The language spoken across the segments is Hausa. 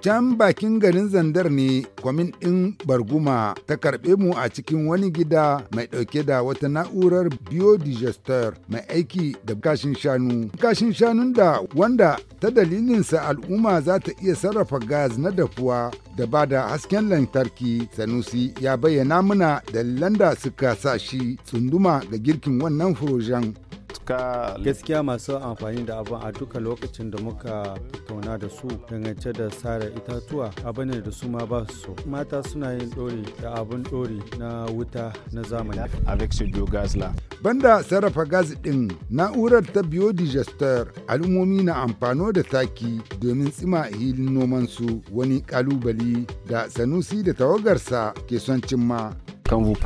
Can bakin garin Zandar ne kwamin ɗin Barguma ta karɓe mu a cikin wani gida mai ɗauke da wata na'urar biodigester mai aiki da kashin shanu. Kashin shanun da wanda ta dalilinsa al'umma za ta iya sarrafa gas na dafuwa da ba da hasken lantarki Sanusi ya bayyana muna dalilan da suka sa shi tsunduma ga girkin wannan furojen. ka gaskiya masu amfani da abin a duka lokacin da muka tauna da su dangance da sare itatuwa abin da su ma ba su mata suna yin dori da abin dori na wuta na zamani banda sarrafa gas din na'urar ta biodigester alumomi na amfano da taki domin tsima hilin noman su wani kalubali da sanusi da tawagarsa ke son cimma kan vous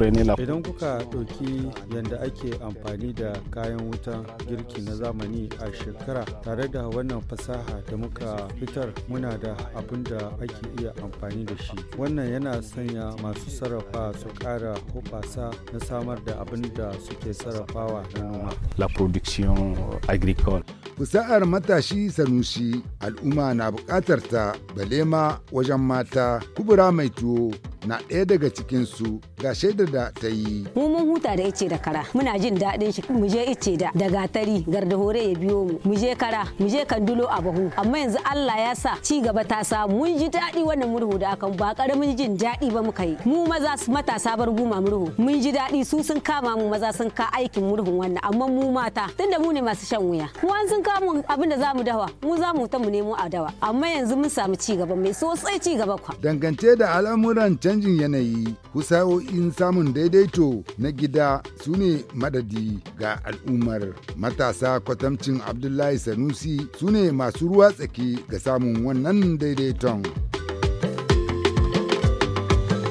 idan kuka ɗauki yadda ake amfani da kayan wutan girki na zamani a shekara tare da wannan fasaha da muka fitar muna da abin da ake iya amfani da shi wannan yana sanya masu sarrafa su ƙara hoɓasa na samar da abin da suke sarrafawa na noma la production agricole fusa'ar matashi sanusi al'umma na buƙatar ta balema wajen mata kubura mai tuwo na ɗaya daga cikinsu ga shaidar da ta yi. Mu mun huta da ice da kara muna jin daɗin shi mu je ice da da gatari garda hore ya biyo mu mu je kara mu je kandulo a bahu amma yanzu Allah ya sa ci gaba ta sa mun ji daɗi wannan murhu da akan ba karamin jin daɗi ba muka yi mu maza matasa bar guma murhu mun ji daɗi su sun kama mu maza sun ka aikin murhun wannan amma mu mata tunda mu ne masu shan wuya mu an sun kama abin da zamu dawa mu za mu ta mu nemo a dawa amma yanzu mun samu ci gaba mai sosai ci gaba kwa dangance da al'amuran can canjin yanayi in samun daidaito na gida su ne madadi ga al'ummar matasa kwatamcin abdullahi sanusi su ne masu ruwa tsaki ga samun wannan daidaiton.